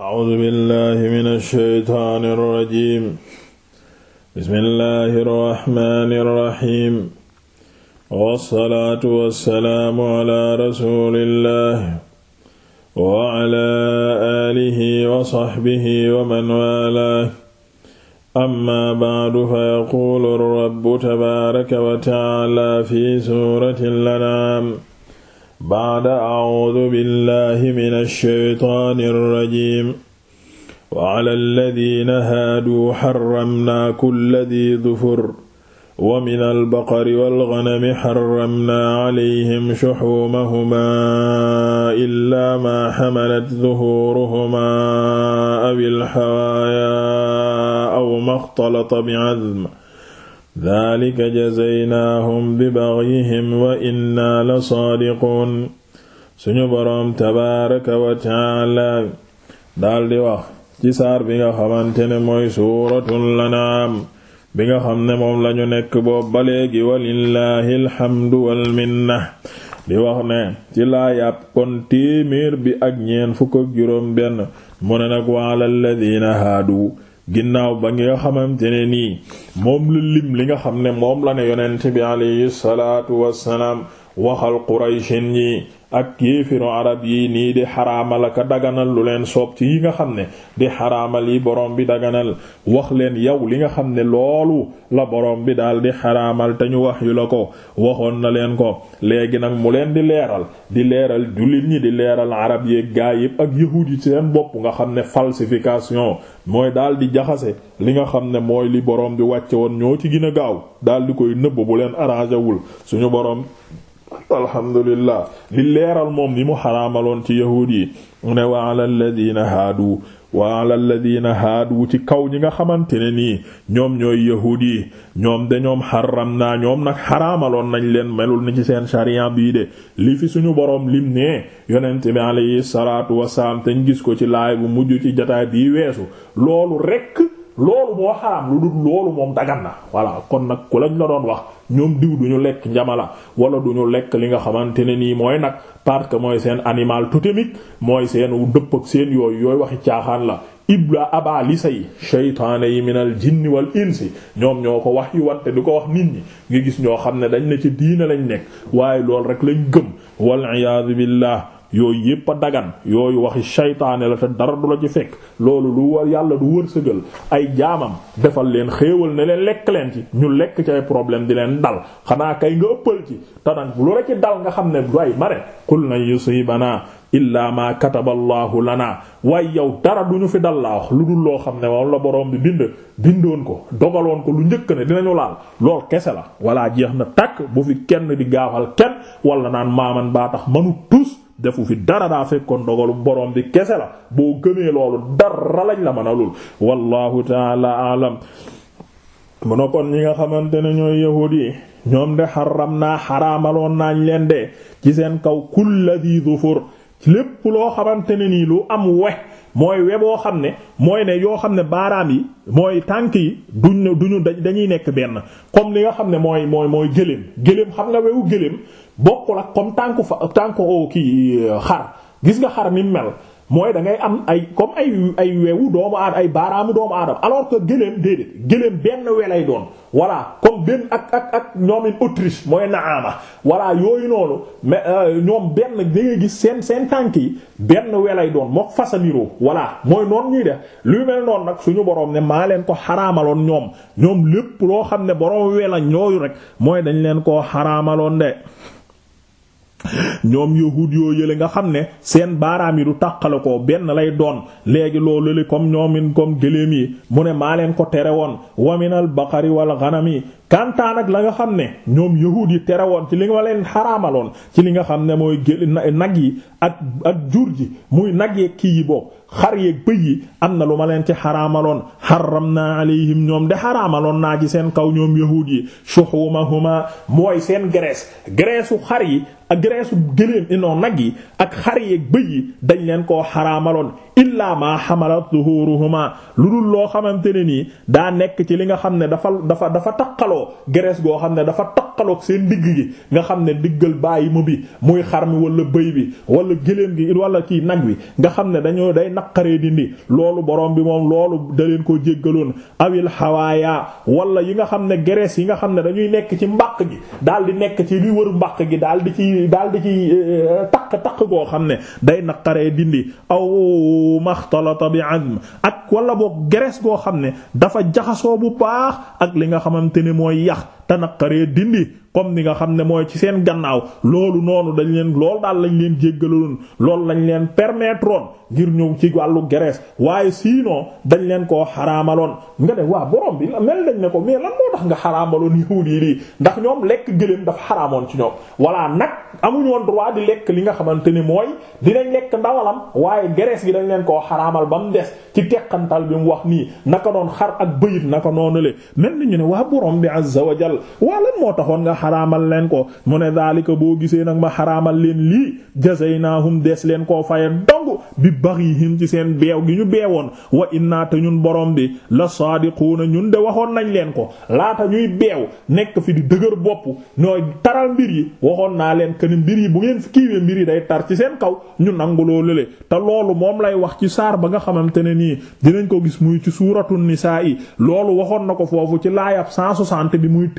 A'uuzu billaahi mina shaytaani rajiim. Bismillaahi rahmaani rahiim. Wassalaatu wassalaamu alaa rasuulillaahi wa alaa aalihi wa sahbihi wa man waalaahu. Ammaa ba'du fayaquulu rabbu tabaaraka wa ta'aalaa fi suuratil an'aam. ba'da a'uudu billahi mina shaytaani rajiim wa ala alladhiina haadu harramnaa kulla dhii dhufur wa minal baqari wal ghanami harramnaa alayhim shuhuumahumaa illaa maa hamalat dhuhuuruhumaa awil hawaaya aw maxtalata bi'azm daalika jazaynaahum bi bagyihim wa daldi wax ci saar bi nga xamante ne mooy suuratul anaam bi nga xam ne moom lañu nekk boobu ba léegi walillaahi alxamdu walminna di wax ne ci laayab kon téeméer bi ak ñeent fukk ak juróom benn mu ne nag wa alal ladiina haadu ginnaaw ba nga xamante ne nii moom la lim li nga xam ne moom la ne yonent bi alayhi salaatu wassalaam waxal qurayshin yii ak yéefiru arab yi nii di xaraamal ak daganal lu leen soob ci yi nga xam ne di xaramal yi borom bi daganal wax leen yow li nga xam ne loolu la borom bi daal di xaraamal te ñu wax yu la ko waxoon na leen ko léegi nag mu leen di leeral di leeral jullit ñi di leeral arab yi gaa yépp ak yahuud yi seen bopp nga xam ne falsification mooy daal di jaxase li nga xam ne mooy li borom bi wàcce woon ñoo ci gën a gaaw daal di koy nëbb bu leen arrangé wul suñu boroom alhamdulillah li leeral moom ni mu xaraamaloon ci yahuud yi mu ne wa ala alladina haadu wa ala alladina haadu ci kaw ñi nga xamante ne nii ñoom ñooy yahuud yi ñoom de ñoom xaram naa ñoom nag xaraamaloon nañ leen melul ni ci seen sharia bii de li fi suñu boroom lim ne yonent bi alayhi salaatu wasalaam te ñu gis ko ci laay bu mujj ci jataay bii weesu loolu rekk loolu moo xaraam lu dul loolu moom dagan na voilà kon nag ku lañ la doon wax ñoom diw du ñu lekk njamala wala du ñu lekk li nga xamante ne nii mooy nag parce que mooy seen animal totémique mooy seen dëpp ak seen yooyu yooy waxi caaxaan la ibla aba li say shaytaane yi minal jinni wal insi ñoom ñoo ko wax yu wante di ko wax nit ñi nga gis ñoo xam ne dañ ne ci diina lañ nekk waaye loolu rek lañ gëm wal iyaadu billah yooyu yépp a dagan yooyu waxi saytaane la te dara du la ci fekk loolu lu war yàlla du wërsëgal ay jaamam defal leen xéewal ne leen lekk leen ci ñu lekk ci ay problème di leen dal xanaa kay nga ëppal ci te nag lu la nga xam ne way mare qul lan yusibana illaa ma kataba allahu lana waaye yow dara du fi dal laa wax lu dul loo xam ne moom la borom bi bind bindoon ko dogaloon ko lu njëkk ne dinañu laal lool kese la walla jeex na takk bu fi kenn di gaafal kenn wala naan maaman baa tax manu tus defu fi dara daa fekkoon dogalu borom bi kese la boo gëmee loolu dara lañ la mën a lul wallahu taala alam mu kon ñi nga xamante ne ñooy yahuud ñoom de xaram naa xaraamaloon naañ leen de ci seen kaw kulla di zufur lépp loo xamante ne nii lu am we mooy we boo xam ne mooy ne yoo xam ne baaraam yi mooy tànk yi duñ duñu dañuy nekk benn comme li nga xam ne mooy mooy mooy gëléem gëléem xam nga wewu gëléem bokkul ak comme tànku fa tànku oh, kii xar gis nga xar ni mel mooy da ngay am ay comme ay ay wewu doomu aadama ay baaraamu doomu aadama alors que gëléem déedéet gëléem benn we doon voilà comme benn ak ak ak ñoom in Autriche mooy naama voilà yooyu noonu mais euh, ñoom benn da gis seen seen tànk yi benn we lay doon mook fasaniroo voilà mooy noonu ñuy de luy mel noonu nag suñu boroom ne maa leen ko xaraamaloon ñoom ñoom lépp loo xam ne boroom we la ñooyu rek mooy dañu leen ko xaraamaloon de ñoom yahud yoo yële nga xam ne seen baaraam yi du tàqale ko benn lay doon léegi loolu li comme ñoomin koom gëléem yi mu ne maa leen ko tere woon waminal baqari wal yi kantaan ak la nga xam ne ñoom yahuud yi tere woon ci li nga leen xaraamaloon ci li nga xam ne mooy gël nag yi ak ak jur ji muy nag yeeg kii yi boobu xar yeeg bëy yi am na lu ma leen ci xaraamaloon xaram naa alayhim ñoom de naa ci seen kaw ñoom yahuud yi shuhumahuma mooy seen graisse graisse xar yi ak graisse gëléem inoon eh, nag yi ak xar yeeg bëy yi dañ leen koo xaraamaloon illaa ma xamalat zuhuruhuma lu dul loo xamante ne nii daa nekk ci li nga xam ne dafa dafa dafa taqaloo taqaloo gerees goo xam ne dafa taqaloog seen digg gi nga xam ne diggal bàyyi mu bi muy xar mi wala bëy bi wala géléem gi wala ci nag wi nga xam ne dañoo day naqaree dindi loolu borom bi moom loolu da koo jéggaloon awil xawaaya wala yi nga xam ne gerees yi nga xam ne dañuy nekk ci mbaq gi daal di nekk ci li wër mbaq gi daal di ci daal di ci takk euh, takk goo xam ne day naqaree dindi aw maxtalata bi azm ak wala boog gerees goo xam ne dafa jaxasoo bu baax ak li nga xamante ne mooy mooy yax te naqaree dindi comme ni nga xam ne mooy ci seen gannaaw loolu noonu dañ leen lool daal lañ leen jéggaloon loolu lañ leen permettroon ngir ñëw ci wàllu garees waaye sinon dañ leen koo xaraamaloon nga ne waa borom bi mel dañ ne ko mais lan moo tax nga xaraamaloon yahuud yi lii ndax ñoom lekk gëléem dafa xaraamoon ci ñoom voilà nag amuñu woon droit di lekk li nga xamante ni di dinañ lekk ndawalam waaye garees gi dañ leen koo xaraamal ba mu des ci teqantal bi mu wax nii naka noon xar ak bëyit naka noonu le mel ñu ne waa borom bi azza wa waa lan moo taxoon nga xaraamal leen ko mu ne daalika boo gisee nag ma xaraamal leen lii jazaynahum des leen koo faye dong bi yi baghihim ci seen beew gi ñu beewoon wa inna te ñun borom bi la na ñun de waxoon nañ leen ko laata ñuy beew nekk fi di dëgër bopp ñooy taral mbir yi waxoon naa leen que ni mbir yi bu ngeen fi kiiwee mbir yi day tar ci seen kaw ñu nangu loolu le te loolu moom lay wax ci saar ba nga xamante ne nii dinañ ko gis muy ci suuratu nisaa yi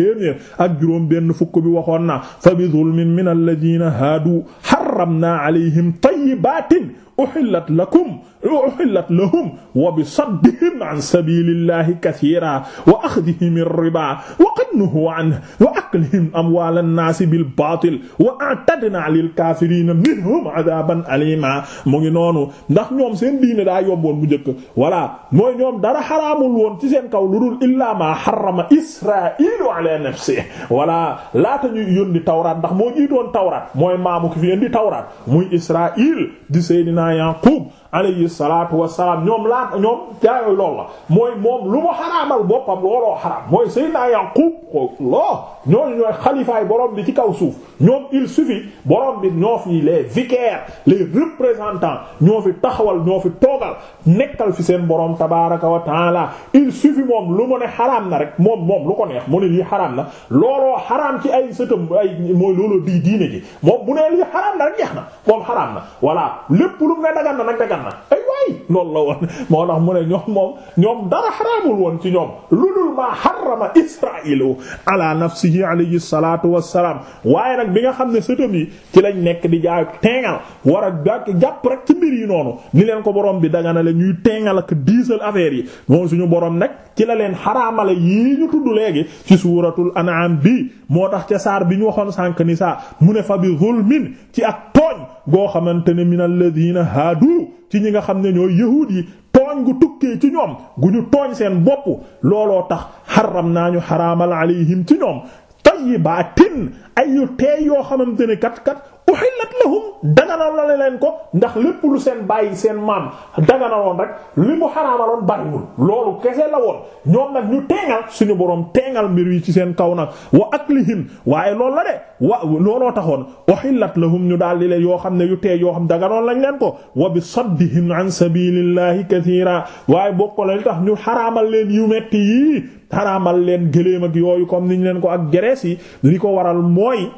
téeméer ak juróom benn fukk bi waxoon na fa bi zulmin min alladina haadu harramna alayhim tayyibatin uhillat lakum uhillat lahum wa bisaddihim an sabilillahi kathiran wa akhdihim ar-riba wa qad nuhu anhu wa aklihim amwal an-nas bil batil wa a'tadna lil kafirin minhum adaban alima mu ngi noonu ndax ñoom seen diine daa yomboon bu njëkk voilà mooy ñoom dara xaraamul woon ci seen kaw lu dul illa ma harrama isra'ilu ala nafsi voilà laata ñuy yónni tawraat ndax moo jiitoon tawraat mooy maamu ki fi indi tawraat muy israil di sayidina Yaqub alayhi salaatu wassalaam ñoom laa ñoom jaayooyu loolu la mooy moom lu mu xaraamal boppam looloo xaraam mooy Seydina Yaqub Allah ñooñu ñooy xalifaay borom bi ci kaw suuf ñoom il suffit borom bi ñoo fi les vicaires les représentants ñoo fi taxawal ñoo fi toogal nekkal fi seen borom tabaaraka wa taala il suffit moom lu mu ne xaraam na rek moom moom lu ko neex mu ne lii xaraam na looloo xaraam ci ay sëtam ay mooy looloo di diine ji moom bu nee lii xaraam na rek jeex na moom xaraam na voilà lépp lu mu ne dagan na nag dagan dagan na ay waay loolu la woon moo tax mu ne ñoom moom ñoom dara xaraamul woon ci ñoom lu dul maa xarama israilu ala nafsihi alayhi salatu wasalaam waaye nag bi nga xam ne sëtam yi ci lañ nekk di jaay teengal war a jàpp rek ci mbir yi noonu ni leen ko borom bi daganale ñuy teengal ak diisal affaire yi moom suñu boroom nag ci la leen xaraamale yii ñu tudd léegi ci suuratul an'am bi moo tax ca saar bi ñu waxoon sànk ni saa mu ne fa bi zulmin ci ak tooñ goo xamante ne min alladhina haadu ci ñi nga xam ne ñooy yahuud yi tooñ gu tukkee ci ñoom gu ñu tooñ seen bopp looloo tax xaram naa ñu xaraamal alayhim ci ñoom tayyibaatin ay yu teey yoo xamante ne kat kat uhillat lahum daganal la leen ko ndax lépp lu seen bàyyi seen maam daganaloon rek li mu xaraamaloon bariwul loolu kese la woon ñoom nag ñu teengal suñu boroom teengal mbir yi ci seen kaw nag wa aklihim waaye loolu la de wa looloo taxoon la lahum ñu daal di leen yoo xam ne yu tee yoo xam daganoon lañ leen ko wa bi saddihim an sabilillahi kathiira waaye bokko la tax ñu xaraamal leen yu metti yii xaraamal leen gëléem ak yooyu comme niñ leen ko ak gerees yi li ko waral mooy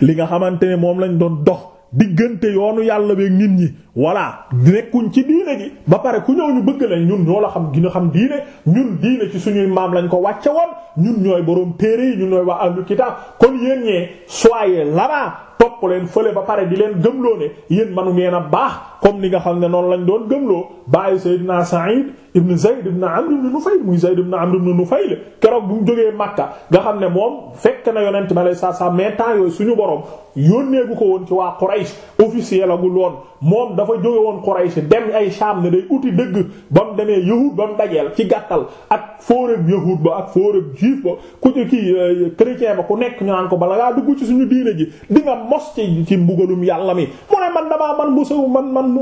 li nga xamante ne moom lañu doon dox diggante yoonu yàlla beeg nit ñi voilà nekkuñ ci diine ji ba pare ku ñëw ñu bëgg lañ ñun ñoo la xam nu xam diine ñun diine ci suñuy maam lañ ko wàcce woon ñun ñooy boroom téere yi ñun ñooy waa ahlul kitaab kon yéen ñee soyez là-bas topp leen fële ba pare di leen gëmloo ne yéen manu ngeen a baax. comme li nga xam ne noonu lañ doon gëmloo bàyyi Seydina Sa'id ibn Zayd ibn Amr ibn Nufayl muy Zayd ibn Amr ibn Nufayl keroog bu mu jógee Makka nga xam ne moom fekk na yonent ma sa sa saa mais temps yooyu suñu borom yónnee gu ko woon ci waa Quraysh officiel agul woon moom dafa jóge woon Quraysh dem ay Sham ne day uti dëgg ba mu demee yahud ba mu dajeel ci gàttal ak fóorëb yahud ba ak fóorëb juif ba ku ci kii euh, chrétien ba ku nekk ñu naan ko bala ngaa dugg ci suñu diine ji di nga mos ci ci mbugalum yàlla mi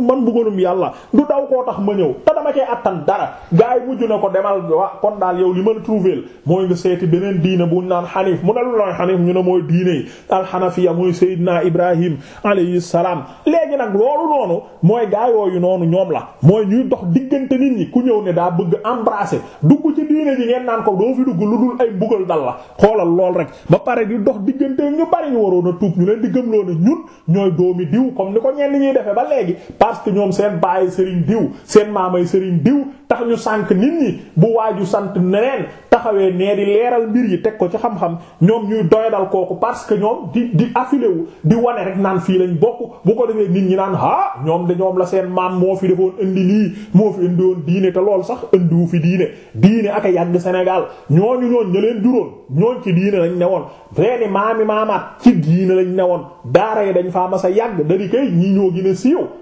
man mbugalum yàlla du daw koo tax ma ñëw te dama cee attan dara gars yi mujj na ko demal wa kon daal yow li ma la trouvé mooy nga seeti beneen diine bu ñu naan xanif mu ne lu naan xanif ñu ne mooy diine yi alxanafiya mooy Seydina Ibrahim alayhi léegi nag loolu noonu mooy gaa yooyu noonu ñoom la mooy ñuy dox diggante nit ñi ku ñëw ne daa bëgg embrasser dugg ci diine ji ngeen naan ko doo fi dugg lu dul ay mbugal dal la xoolal lool rek ba pare di dox diggante a tuub ñu leen di gëmloo ne ñun ñooy ba léegi parce que ñoom seen baay sëriñ diw seen maamay sëriñ diw tax ñu sànk nit ñi bu waaju sant neneen taxawee nee di leeral mbir yi teg ko ci xam-xam ñoom ñuy doyadal kooku parce que ñoom di di affilé wu di wane rek naan fii lañ bokk bu ko defee nit ñi naan ah ñoom de ñoom la seen maam moo fi defoon indi lii moo fi indi woon diine te lool sax indiwu fi diine diine ak a yàgg Sénégal ñooñu ñoon ña leen juróon ñooñ ci diine lañ newoon reeni maami maamaat ci diine lañ newoon daara yi dañ faa mas a yàgg dari kay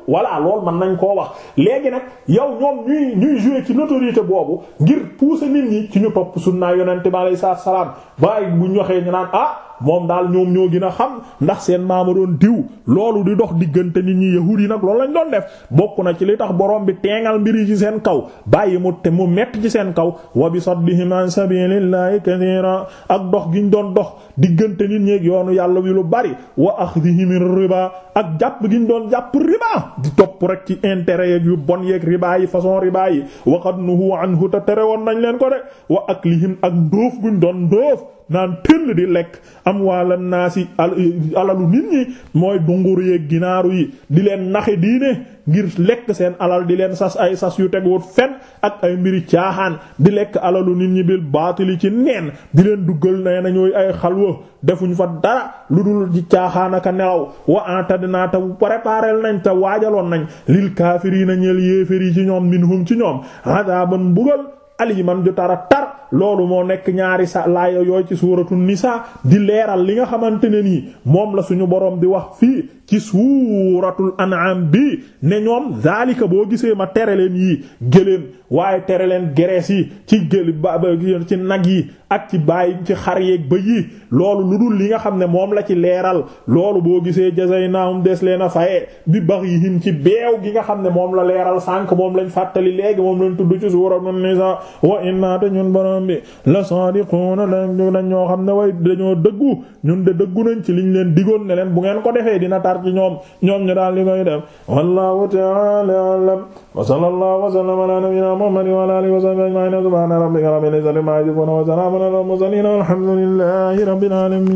voilà loolu mën nañ koo wax léegi nag yow ñoom ñuy ñuy jouer ci notoriété boobu ngir pousser nit ñi ci ñu topp naa yonante bi alayhi salaam waaye bu ñu waxee ñu naan ah moom daal ñoom ñoo gin a xam ndax seen maama doon diw loolu di dox diggante nit ñi yahuud yi nag loolu lañ doon def bokk na ci li tax borom bi teengal mbir yi ci seen kaw bàyyi mu te mu mett ci seen kaw wa bi saddihim an sabilillahi kathiira ak dox ñu doon dox diggante nit ñi yoonu yàlla wi lu bari wa ak akhdihim riba ak jàpp giñ doon jàpp riba di topp rek ci intérêt yeeg yu bon yeeg riba yi façon riba yi nu nuhu anhu te tere woon nañ leen ko de wa ak ndóof guñ doon ndóof naan tëll di lekk am waala naa si alalu nit ñi mooy dungur yeeg ginaaru yi di leen naxe diine ngir lekk seen alal di leen sas ay sas yu teguwut fen ak ay mbiri caaxaan di lekk alalu nit ñi bil baatili ci neen di leen duggal nee na ñooy ay xalwa defuñ fa dara lu dul ci caaxaan ak nelaw wa antadna ta préparel nañ te waajaloon nañ lil kaafiriina ñeel yéeféer yi ci ñoom minhum ci ñoom adaban bugal aliman ju tara tar loolu moo nekk ñaari sa laaya yooyu ci suuratu nisaa di leeral li nga xamante ne nii moom la suñu borom bi wax fii ci suuratul an'am bi ne ñoom zalika boo gisee ma tere leen yii gëléem waaye tere leen gerees yi ci gël ba ci nag yi ak ci bàyyi ci xar yeeg ba yi loolu lu dul li nga xam ne moom la ci leeral loolu boo gisee jazaynaahum des leen a faye bi baxyihim ci beew gi nga xam ne moom la leeral sànk moom lañ fàttali léegi moom lañ tudd ci suuratul nisaa wa inna te ñun borom bi la saadiquuna lañ ñoo xam ne way dañoo dëggu ñun de dëggu nañ ci liñ leen digoon ne leen bu ngeen ko defee yaakaar ci ñoom ñoom ñu daal li koy def wallahu ta'ala a'lam wa sallallahu wa sallama ala nabiyyina muhammadin wa ala alihi wa sahbihi ajma'in subhana rabbika rabbil izzati amma yasifun wa salamun ala al mursalin walhamdulillahi rabbil alamin